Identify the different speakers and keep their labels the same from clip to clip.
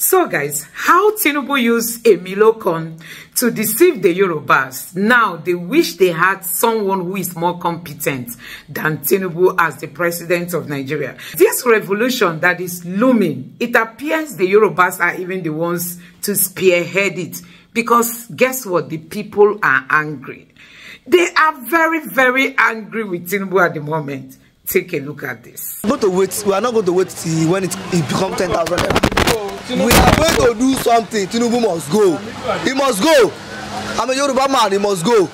Speaker 1: So guys, how Tinubu used Emilokon to deceive the Yorubas. Now they wish they had someone who is more competent than Tinubu as the president of Nigeria. This revolution that is looming, it appears the Yorubas are even the ones to spearhead it. Because guess what? The people are angry. They are very, very angry with Tinubu at the moment. Take a look at this. Go to wait. We are not going to wait till when it, it becomes 10,000
Speaker 2: we are going to do something tinubu must go he must go i'm a
Speaker 1: yoruba man he must go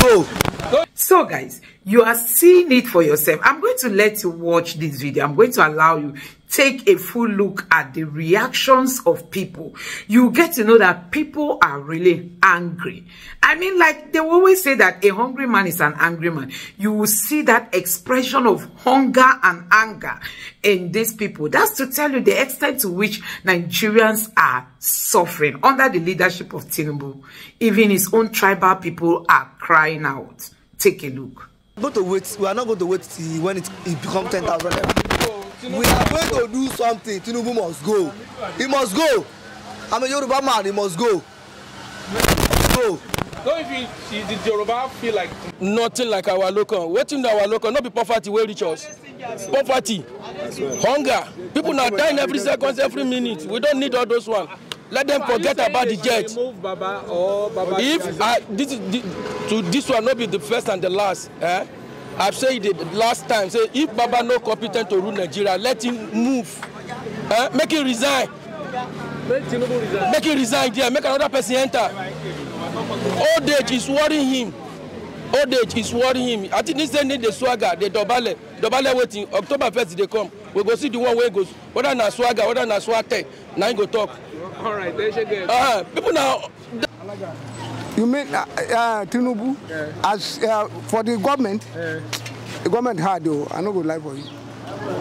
Speaker 1: go. so guys you are seeing it for yourself i'm going to let you watch this video i'm going to allow you take a full look at the reactions of people, you get to know that people are really angry. I mean, like they always say that a hungry man is an angry man. You will see that expression of hunger and anger in these people. That's to tell you the extent to which Nigerians are suffering under the leadership of Tinubu. Even his own tribal people are crying out. Take a look. Go to wait. We are not going to wait when it, it becomes 10,000
Speaker 3: we are going
Speaker 2: to do something Tinubu must go he must go I'm a Yoruba man he must go he must go. Don't even see the Yoruba feel like. Nothing like our local. Wetin
Speaker 4: our local no be poverty wey reach us. Poverty, hunger, people na dying every second, every minute. We don need all those one. Let them forget about the jet. If uh, this, this, to this one no be the first and the last. Eh? I've said it last time say if Baba no competent to rule Nigeria let him move eh? make him resign make him resign there make another person enter old age is worrying him old age is worrying him I think this thing need the swagger the dobale dobale waiting October first dey come we go see the one wey go whether na swagger whether na swag tech na him go talk.
Speaker 3: all right then shege. Uh, uh-huh. people na.
Speaker 5: You mean uh, uh, Tinubu? Yeah. As uh, for the government, yeah. the government hard though. I no go lie for you.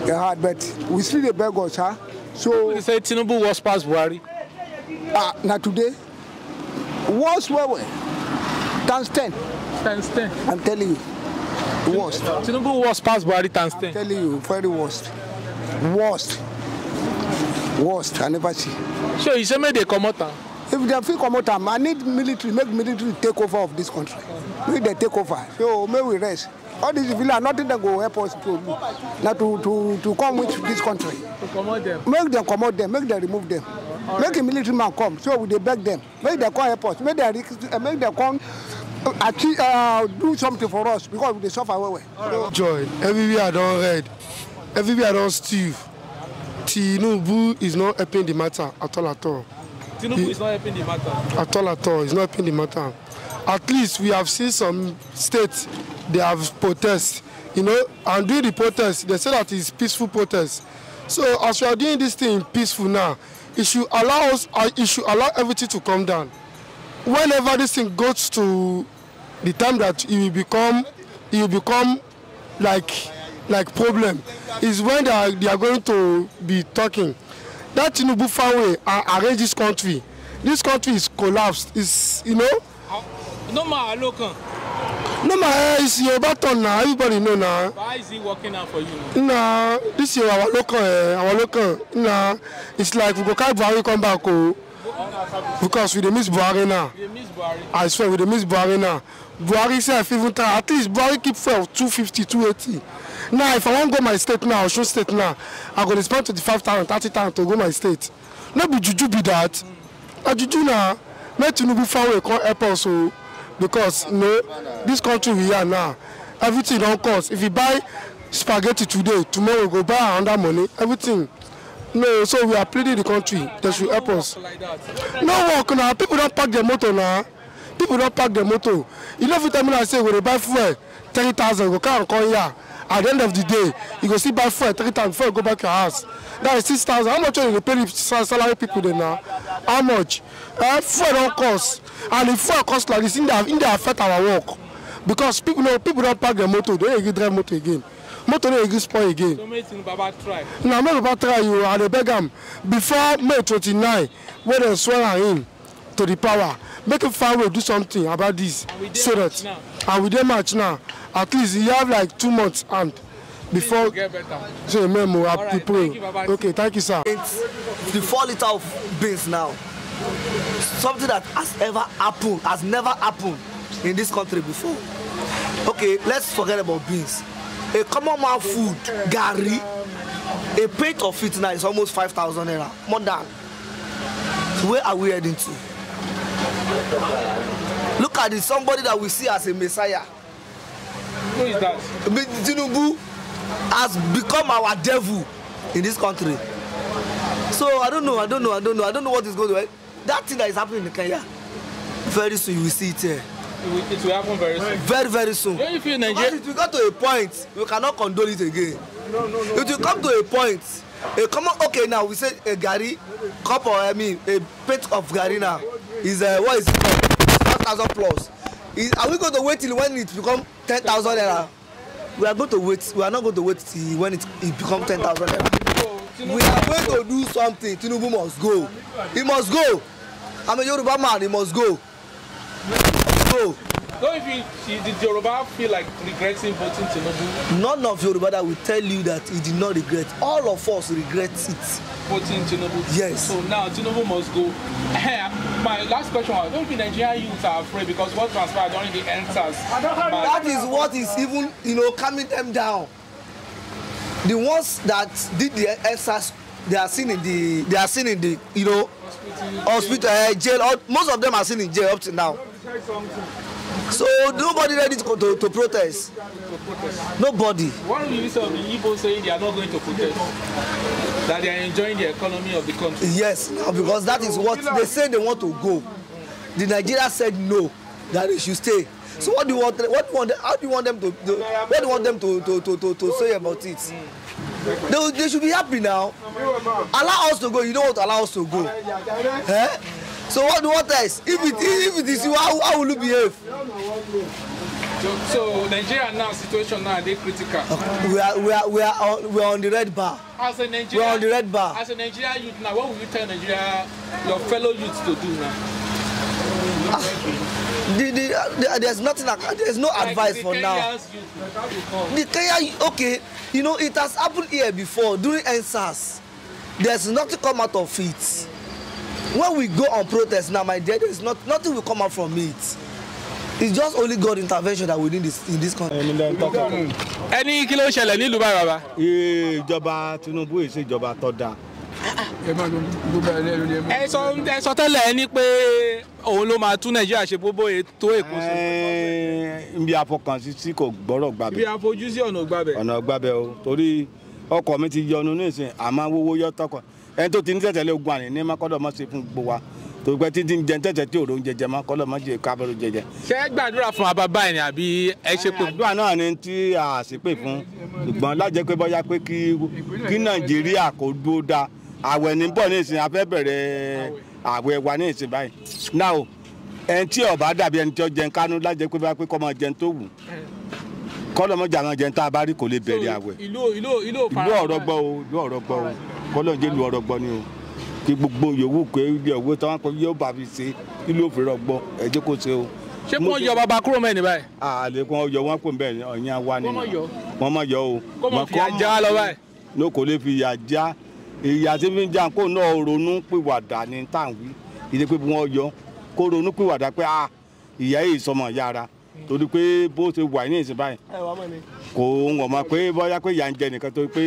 Speaker 5: They hard, but we see the beg us, huh? So you say Tinubu was past Buhari. Ah, uh, na today. Worse well, well. Times ten. Times ten. I'm telling you. Worst. Tinubu was past Buhari times ten. I'm telling you, very worst. Worst. Worst. I never see. So you say make they come out. Huh? If dem fit comot am, I need military, make military take over of dis country. Make dem take over. So may we rest. All these villa, nothing dey go help us to na to to to come with dis country. To comot dem. Make dem comot dem, make dem remove dem. All make right. a military man come. So we dey beg dem. Make dem come help us. Make dem eh, make dem come eh, achieve uh, do something for us because we dey suffer well well.
Speaker 6: Right. Joy, everywhere I don read, everywhere I don steal. Tinubu is not helping the matter at all at all. Tinubu is not helping the
Speaker 3: matter. At all, at
Speaker 6: all, it's not helping the matter. At least we have seen some states they have protests, you know, and during the protest, they say that it's peaceful protest. So as we are doing this thing peaceful now, it should allow us, uh, it should allow everything to come down. Whenever this thing goes to the time that it will become, it will become like, like problem, is when they are, they are going to be talking that tinubu family are uh, arrange this country this country is collapsed is you know.
Speaker 5: no ma alokan.
Speaker 6: no ma eh it's yoruba turn na everybody know na. why is he working
Speaker 5: out for you.
Speaker 6: na this year our local eh our local na it's like we go carry buhari come back o. Oh, because we dey miss buhari now. we dey miss buhari. i swear we dey miss buhari now. buhari sef even try at least buhari keep fuel two fifty two eighty now if i wan go my state now show state now i go dey spend twenty-five thousand thirty thousand to go my state Not be juju be that na juju na make tinubu find way come call us So oh. because no, this country we are now everything don cost if you buy spaghetti today tomorrow you go buy under money everything no so we are pleading the country they should help us no work now. people don't pack their motor now. people don't pack their motor you no fit tell me I say we buy fuel thirty thousand go carry am here at the end of the day you go still buy fuel three times before you go back your house that is six thousand how much are you dey pay the salary people dey now how much uh, fuel don cost and if fuel cost like this in dey e dey affect our work because people no people don't park their motor they no drive motor again motor don't gree spoil again. so make tinubu baba try. na make baba try you are dey beg before may twenty-nine wey dem swear am in to the power make a find will do something about this so that and we dey march now at least you have like two
Speaker 2: months and before so memo i right, pray you, okay thank you sir. it's the four litre of beans now something that has ever happened has never happened in this country before okay let's forget about beans a common man food Gary. a plate of it now is almost five thousand naira more than where are we heading to look at it somebody that we see as a messiah Who is that? Tinubu has become our devil in this country. So I don't know, I don't know, I don't know, I don't know what is going on. That thing that is happening in Kenya, very soon you will see it here. It will, happen very soon. Very, very soon. Don't you feel Nigeria? Because it will come to a point, we cannot condone it again. No, no, no. It will come to a point. A common, okay, now we say a gari, cup or I mean, a plate of gari now is uh, what is it? 5,000 plus. Is, are we going to wait till when it become ten thousand naira? We are going to wait. We are not going to wait till when it, it become ten thousand naira. We are going to do something. Tinubu must go. He must go. I'm a Yoruba man. He must go. He must go. Don't
Speaker 5: you, did Yoruba
Speaker 2: feel like regretting voting Tinubu? None of Yoruba that will tell you that he did not regret. All of us regret it. Voting Tinubu? Yes. So now Tinubu must go.
Speaker 5: My last question was, don't be Nigerian youth are afraid because what transpired during the answers. That is
Speaker 2: what is even, you know, calming them down. The ones that did the answers they are seen in the they are seen in the you know hospital, hospital eh, jail. Uh, jail most of them are seen in jail up to now. So nobody ready to, to, to protest.
Speaker 4: Nobody. One release of the Igbo saying they are not going to protest. That they are enjoying the economy of the country.
Speaker 2: Yes, because that is what they say they want to go. The Nigeria said no, that they should stay. So what do you want? What do you want? How do you want them to? to what do you want them to to to to, to say about it? They, they should be happy now. Allow us to go. You know what? Allow us to go. Eh? so what what is if it if it is how how will you
Speaker 4: behave. So, so
Speaker 5: Nigeria now situation now dey critical.
Speaker 2: Uh, we are we are we are on, we are on the red bar.
Speaker 4: As a Nigeria we are on the red bar. As a Nigeria youth now what will you tell Nigeria your fellow youths to do now.
Speaker 2: Ah, the, the, uh, there's nothing there's no like advice the for Kenya's
Speaker 3: now.
Speaker 5: The
Speaker 2: Kenya okay you know it has happened here before during endsars there's nothing come out of it when we go on protest now my dear there is not nothing will come out from it it's just only God intervention that we need this, in this country.
Speaker 4: ẹni kí ló ṣẹlẹ̀ nílùú báyìí bàbá. ìjọba Tinubu yìí ṣèjọba tó dáa. ẹ sọ ẹ sọ tẹ́lẹ̀ ẹ ní pé òun ló máa tún nàìjíríà ṣe gbogbo ètò e èkó sí. ibi àfọkànsí tí kò gbọ́rọ̀ gbàbẹ. ibi àfojúsí ọ̀nà gbàbẹ. ọ̀nà gbàbẹ o torí ọkọ̀ mi ti yọnu ní ìsìn àmọ́ wọ́wọ́ yọ tọkọ̀ ẹni tó ti ní tẹ̀tẹ̀lé ogun àrìn ní mákọ́dọ̀ má ṣe fún gbogbo wa tó gbẹ títí ń jẹ tẹ̀tẹ̀ tí òòrò ń jẹjẹ má kọ́dọ̀ má jẹ kábẹ́rù jẹjẹ. ṣé ẹ gbàdúrà fún bàbá báyìí ni àbí ẹ ṣe pé. àdúrà náà ni tí a sì pè fún ṣùgbọ́n lájẹ́ pé bọ́yá pé kí nàìjíríà kò dúró dáa àwẹ̀ ní bọ̀ ní ìsìn afẹ́ bẹ̀rẹ̀ àwẹ̀ wa ní ìsìn báyìí náà o ẹni tí ọba dàbí ẹni tí ó jẹun kánú lájẹ pé bá pé kọ́ máa jẹun tó wù kọ́ lọ́mọ kọ́lọ́n jẹ́ lu ọ̀rọ̀ gbọ́ ni o kí gbogbo yòówù pé ibi ọ̀wé tí wọ́n yóò bá fi ṣe kí ló fi rọgbọ́ ẹ jẹ́ kó ṣe o. ṣé kí wọ́n yọ bàbá kúrò mẹ́rin báyìí. àlè kí wọ́n yọ wọ́n kò bẹ́ẹ̀ ọ̀yìn àwa ni wọ́n mọ̀ yọ o. kó mọ̀ fi àjá lọ báyìí. ló kò lè fi àjá ìyá tí fi ń jà kó náà ronú pìwàdà ni tá à ń wí ìdí pé wọ́n yọ kó ronú pìwàdà pé ah, ìyá yìí sọmọ yára torí pé bó ṣe wà ní ìsìn báyìí kò ń wọ̀ mọ́ pé bóyá pé ìyá ń jẹ nìkan torí pé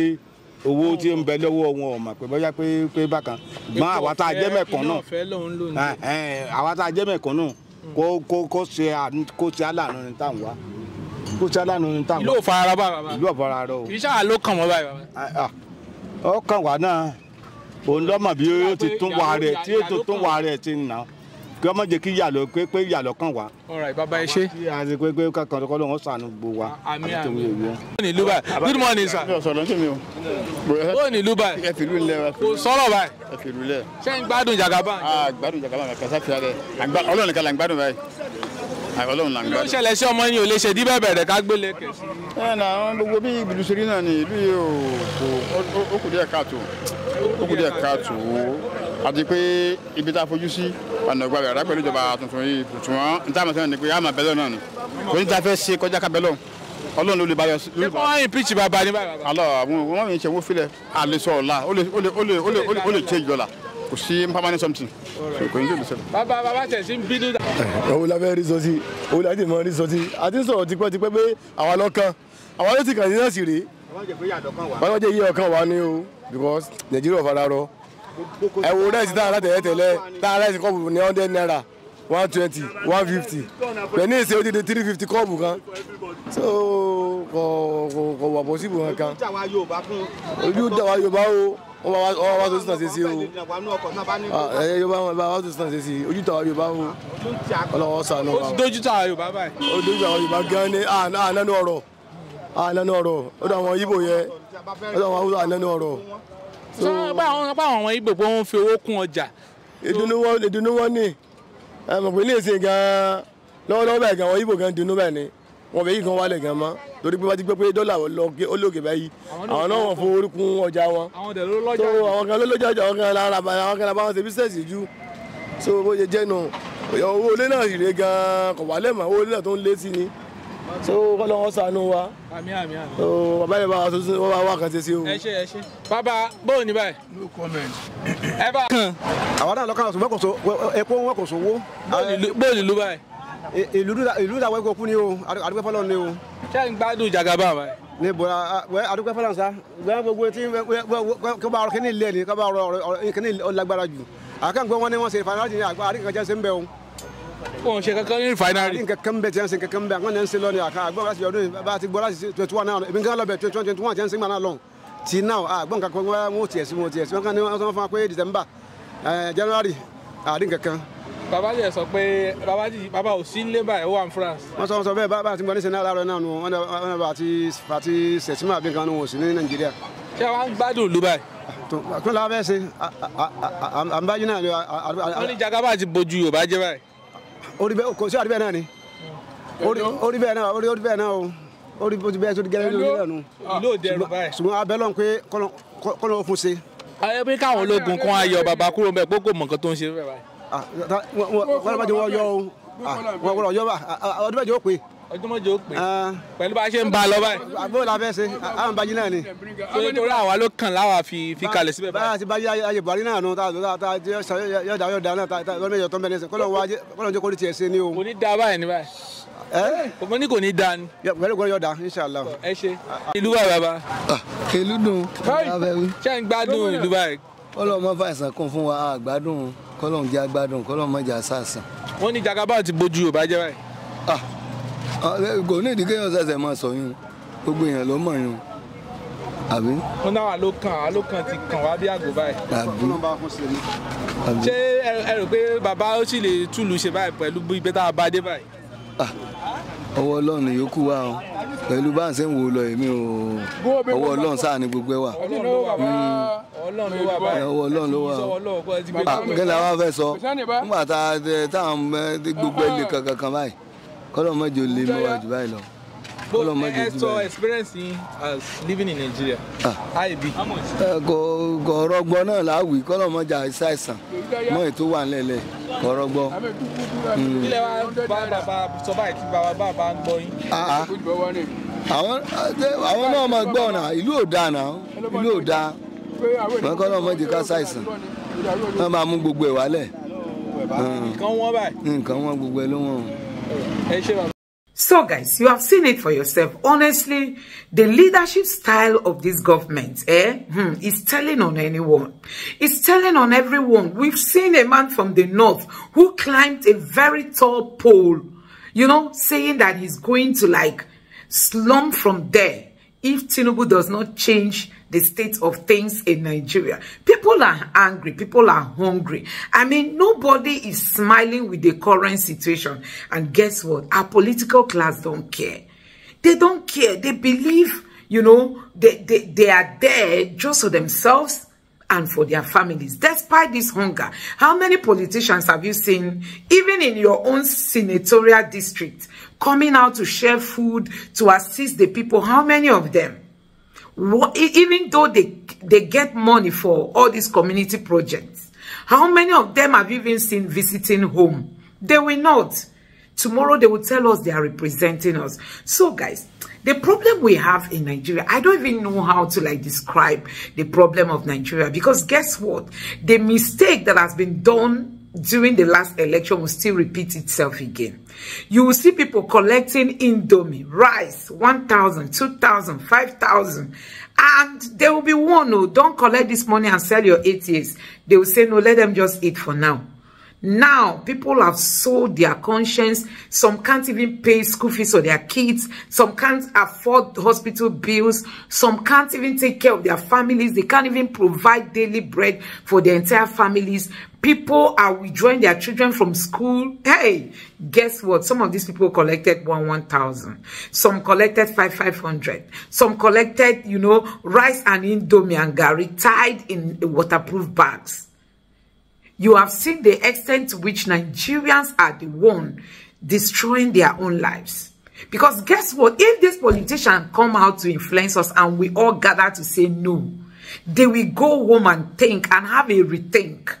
Speaker 4: owó tí ń bẹ lọ́wọ́ wọn ò mọ̀ pé bóyá pé pé bákan mọ àwa tá a jẹ́ mẹ̀kàn náà àwa tá a jẹ́ mẹ̀kàn náà kó kó kó ṣe kó ṣe aláàánú ni wá kó ṣe wá. ìlú bàbá ìlú o. kàn wọ́n wa náà òun lọ́mọ bí yóò ti tún wa rẹ̀ tí yóò tún ti nà. kí wọ́n má jẹ́ kí ìyàlọ́ pé pé ìyàlọ́ kàn wá. ọ̀rọ̀ bàbá ẹ ṣe. kí a ṣe pé pé kankan kọ́ ló ń sànù gbogbo wa. àmì àmì good morning sir. ó ní ìlú báyìí. ẹ fìlú lẹ. kò sọ̀rọ̀ báyìí. ẹ fìlú lẹ. ṣé ń gbádùn jàgàbá. a ah, gbádùn jàgàbá mi rẹ ọlọ́run nìkan là ń gbádùn báyìí ọlọ́run ọ̀nà ìgbà rẹ̀ pẹ̀lú ìjọba tuntun yìí tuntun wọn n táwọn sẹ́yìn ni pé àmà bẹ́lẹ̀ náà ni kò ní ta fẹ́ ṣe kọjá ká bẹ́lọ̀ ọlọ́run ló lè bá yọ sí. ṣé wọ́n yìn pitch bàbá ní alọ àwọn wọn yìn ṣe wọn filẹ alẹ ọla ó lè ó lè kò sí permanent something kò ní jòlù bàbá bàbá tẹ̀ sí bínú.
Speaker 7: owó eh, la fẹ́ rí sọ owó la ti mọ rí sọ a ti ń sọ̀rọ̀ tipẹ́tipẹ́ pé àwa lọ́kàn àwa ló ti kàn sí náà sì rèé. wọ́n
Speaker 4: jẹ́ pé yàtọ̀ kan wà.
Speaker 7: wọ́n jẹ́ iye ọ̀kan wà ní o because Nàìjíríà ò fara rọ ẹ wo rẹ́ẹ̀sì tá a rà tẹ́lẹ̀ tẹ́lẹ̀ tá a rẹ́ẹ̀sì kọ́ọ̀bù ní hundred naira one twenty one fifty pẹ̀lú ìṣe ó ti di three fifty kọ́ọ̀bù kan so kò kò kò wà pọ̀sibù kankan ojú dàwa Yorùbá o wọ́n wá wá tó sùn àṣẹ sí o ẹ̀yẹ ah, Yorùbá wọn bá wá tó sùn àṣẹ sí ojú tàwa Yorùbá o ọlọ́wọ́ sànù wa. o dojú tàwa Yorùbá báyìí. o dojú tàwa Yorùbá gan ni ànánú ọ̀rọ̀ ànánú ọ̀rọ̀ ó o wọn Yíbò yẹ o dà wọn Haúsá ànánú ọ̀rọ̀ sọ báwọn àwọn ibò pé wọ́n fi owó kún ọjà. ìdùnnú wọn ìdùnnú wọn ni ẹ mọ̀ pé ní ìsìn gan-an lọ́wọ́lọ́wọ́ báyìí gan-an wọ́n ibò gan-an dùnnú báyìí ni wọn bẹ yìí kan wálẹ̀ gan mọ́ torí pé wọ́n ti gbé pé dọ́là olóògè báyìí àwọn náà wọ́n fowó orúkún ọjà wọn so àwọn kan lọ́lọ́jà ọjà àwọn kan lára àwọn kan lára wọn ṣe bísẹ̀sì ju so bó ṣe jẹ́ nu owó olé náà rèé gan-an kò wálẹ̀ mọ́ owó olé náà tó ń lé sí ni so kọ́lọ́wọ́ sànú wa àmín àmín àmín so bàbá yẹn bá wa tuntun wọ́n bá wà kàn sí o. ẹ ṣe ẹ ṣe bàbá bóun ni báyìí.
Speaker 5: no comment.
Speaker 3: ẹ bá. àwọn náà lọ́kàn ọ̀sùn mọ́kànso epo mọ́kànso wo. bóòlù ló báyìí. E- e- ìlú làwọn ẹgbẹ́ òkú ni o àdúgbò fọlọ́ ni o. ṣé n gbádùn jagaba báyìí. ní bọ̀dà àdúgbò fọlọ́ sa gbogbo tí kọ́ba ọ̀rọ̀ kí ni ilé ni kọ́ba ọ̀rọ̀ kí ni ó lágbára jù àkàǹgbọ́n wọn ni wọ́n ṣe a ní àgbà àríkànjẹ́ ṣe ń bẹ̀ o wọn ṣe kankan ní fainari. ní kankan bẹ tiẹ̀ ń se kankan bẹ àwọn yẹn ń se lọ́ni àká àgbọ̀n láti ọdún bá ti gbọ́ láti twenty one náà ebi kan lọ bẹ twenty one twenty one tiẹ̀ ń se gbà náà lọ ti náà àgbọ̀n kankan wọn ò tiẹ̀ sí wọn ò tiẹ̀ sí wọn kan ní wọn sọ fún wa pé december january àdín kankan.
Speaker 4: bàbá jẹ sọ pé bàbá jì bàbá
Speaker 5: ò sí lébà ẹ wà ní france.
Speaker 3: wọn sọ wọn sọ bẹ́ẹ̀ bàbá ti gbọ́ ní sẹnẹ aláàrọ náà nù wọn náà bá ti fàtí sẹsímà bí nǹkan wọn ò sí ní nàìjíríà. ṣé wọn gbádùn dubai tó la bẹ se an bá yín náà. wọ́n ní jagaba ti bojú yorùbá jẹ́ báyìí orí bẹ́ẹ̀ kò sí àrí bẹ́ẹ̀ náà ni orí bẹ́ẹ̀ náà orí bẹ́ẹ̀ náà o orí bó ti bẹ́ẹ̀ tó ti gẹ́rẹ́ lórí bẹ́ẹ̀ nu ṣùgbọ́n abẹ́ lọ́n pé kọ́nà ó fún ṣe. ayé bí káwọn ológun kan ayọ̀ bàbá kúrò mẹ́ gbogbo mọ̀ nǹkan tó ń ṣe fẹ́ báyìí. wọ́n bá jẹ́ wọ́n yọ o wọ́n yọ bá ọdún mẹ́jọ ó pè é ọjọ́mọ́jọ́ pè ah. pẹ̀lú bá a ṣe ń ba lọ báyìí. àbó la fẹ́ ṣe àwọn bají náà ni. ṣé torí àwa ló kàn láwa fi fi kalẹ̀ síbẹ̀ báyìí. báyà ti bájí ayé Buhari náà nù tá a yọ da yọ da náà tá a lọ́mọ ìyọ̀tọ́ mẹ́rin ṣe kọ́lọ́ wájú kọ́lọ́ ní kò ní tiẹ̀ ṣe ni o. kò ní da báyìí ni báyìí. ọmọ ní kò ní da ni. wẹ́rẹ́ gbọ́dọ̀ yọ da inshallah. ẹ ṣe
Speaker 8: ìlú wa bàbá. Ah, ìlú dùn. ṣé ń gbádùn ìlú báyìí. kọ́lọ́ mọ́ fàìsàn kún fún wa àgbádùn kọ́lọ́ ń jẹ́ àgbádùn kọ́lọ́ mọ́ jà sàṣàn. wọ́n ní jagaba Ah, eh, kò ní ìdí kéèyàn ṣẹ̀ṣẹ̀ máa sọ yín gbogbo èèyàn ló mọ̀ yín àbí. wọn náà wà ló kàn á ló kàn ti kàn wá bí àgò báyìí. àbí ṣé ẹ
Speaker 4: rò pé bàbá ó sì lè túlù ṣe báyìí pẹ̀lú bí bẹ́tà bá
Speaker 8: dé báyìí. Ah, ọwọ́ ọlọ́run ni yòókù wà o pẹ̀lú bá ń ṣe ń wò lọ èmi o ọwọ́ ọlọ́run sáà ni gbogbo ẹ wà. ọlọ́run ló wà báyìí hmm. eh, ọwọ́ ọlọ́run ló wà o. Ah, kí ni a wá fẹ́ sọ nígbà tá a eh, gbogbo ẹ lè kankan báyìí. kọ́lọ́ mọ́jọ lè mọ́ wa jù báyìí lọ. kọ́lọ́ mọ́jọ jù báyìí lọ. but
Speaker 4: experience in as living in Nigeria. Ah. how e be.
Speaker 8: kò ètò wà ilé hmm. wa
Speaker 4: bá bàbá bàbá bàbá ń ah, ah.
Speaker 8: àwọn náà máa gbọ́ ọ̀nà ìlú ò dáa náà ìlú ò dáa ká
Speaker 1: gbogbo nǹkan Eh, eh, so guys, you have seen it for yourself. Honestly, the leadership style of this government eh, hmm, is telling on anyone. It's telling on everyone. We've seen a man from the north who climbed a very tall pole, you know, saying that he's going to like slump from there if Tinubu does not change the state of things in Nigeria. People are angry. People are hungry. I mean, nobody is smiling with the current situation. And guess what? Our political class don't care. They don't care. They believe, you know, they, they, they are there just for themselves and for their families. Despite this hunger, how many politicians have you seen, even in your own senatorial district, coming out to share food, to assist the people? How many of them? what, even though they they get money for all these community projects, how many of them have even seen visiting home? They will not. Tomorrow they will tell us they are representing us. So guys, the problem we have in Nigeria, I don't even know how to like describe the problem of Nigeria because guess what? The mistake that has been done during the last election will still repeat itself again. You will see people collecting indomie, rice, 1,000, 2,000, 5,000. And there will be one. no, oh, don't collect this money and sell your ATS. They will say, no, let them just eat for now. Now, people have sold their conscience. Some can't even pay school fees for their kids. Some can't afford hospital bills. Some can't even take care of their families. They can't even provide daily bread for their entire families. People are withdrawing their children from school. Hey, guess what? Some of these people collected one, 1,000. Some collected five, 500. Some collected, you know, rice and indomie and gari tied in waterproof bags. You have seen the extent to which Nigerians are the one destroying their own lives. Because guess what? If this politician come out to influence us and we all gather to say no, they will go home and think and have a rethink.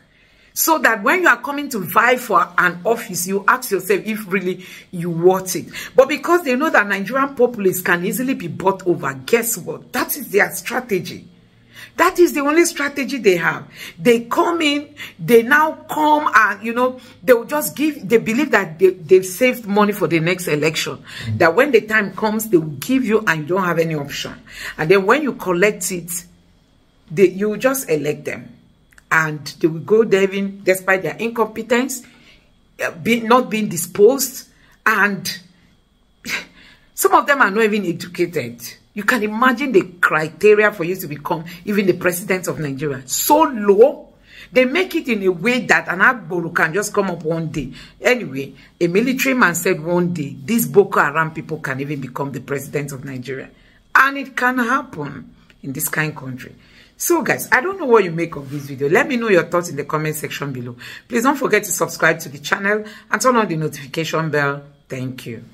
Speaker 1: So that when you are coming to vie for an office, you ask yourself if really you want it. But because they know that Nigerian populace can easily be bought over, guess what? That is their strategy. That is the only strategy they have. They come in, they now come and, you know, they will just give, they believe that they, they've saved money for the next election. Mm -hmm. That when the time comes, they will give you and you don't have any option. And then when you collect it, they, you just elect them. And they will go in despite their incompetence, eh, be, not being disposed. And some of them are not even educated. You can imagine the criteria for you to become even the president of Nigeria. So low. They make it in a way that an Agboro can just come up one day. Anyway, a military man said one day, these Boko Haram people can even become the president of Nigeria. And it can happen in this kind of country. So guys, I don't know what you make of this video. Let me know your thoughts in the comment section below. Please don't forget to subscribe to the channel and turn on the notification bell. Thank you.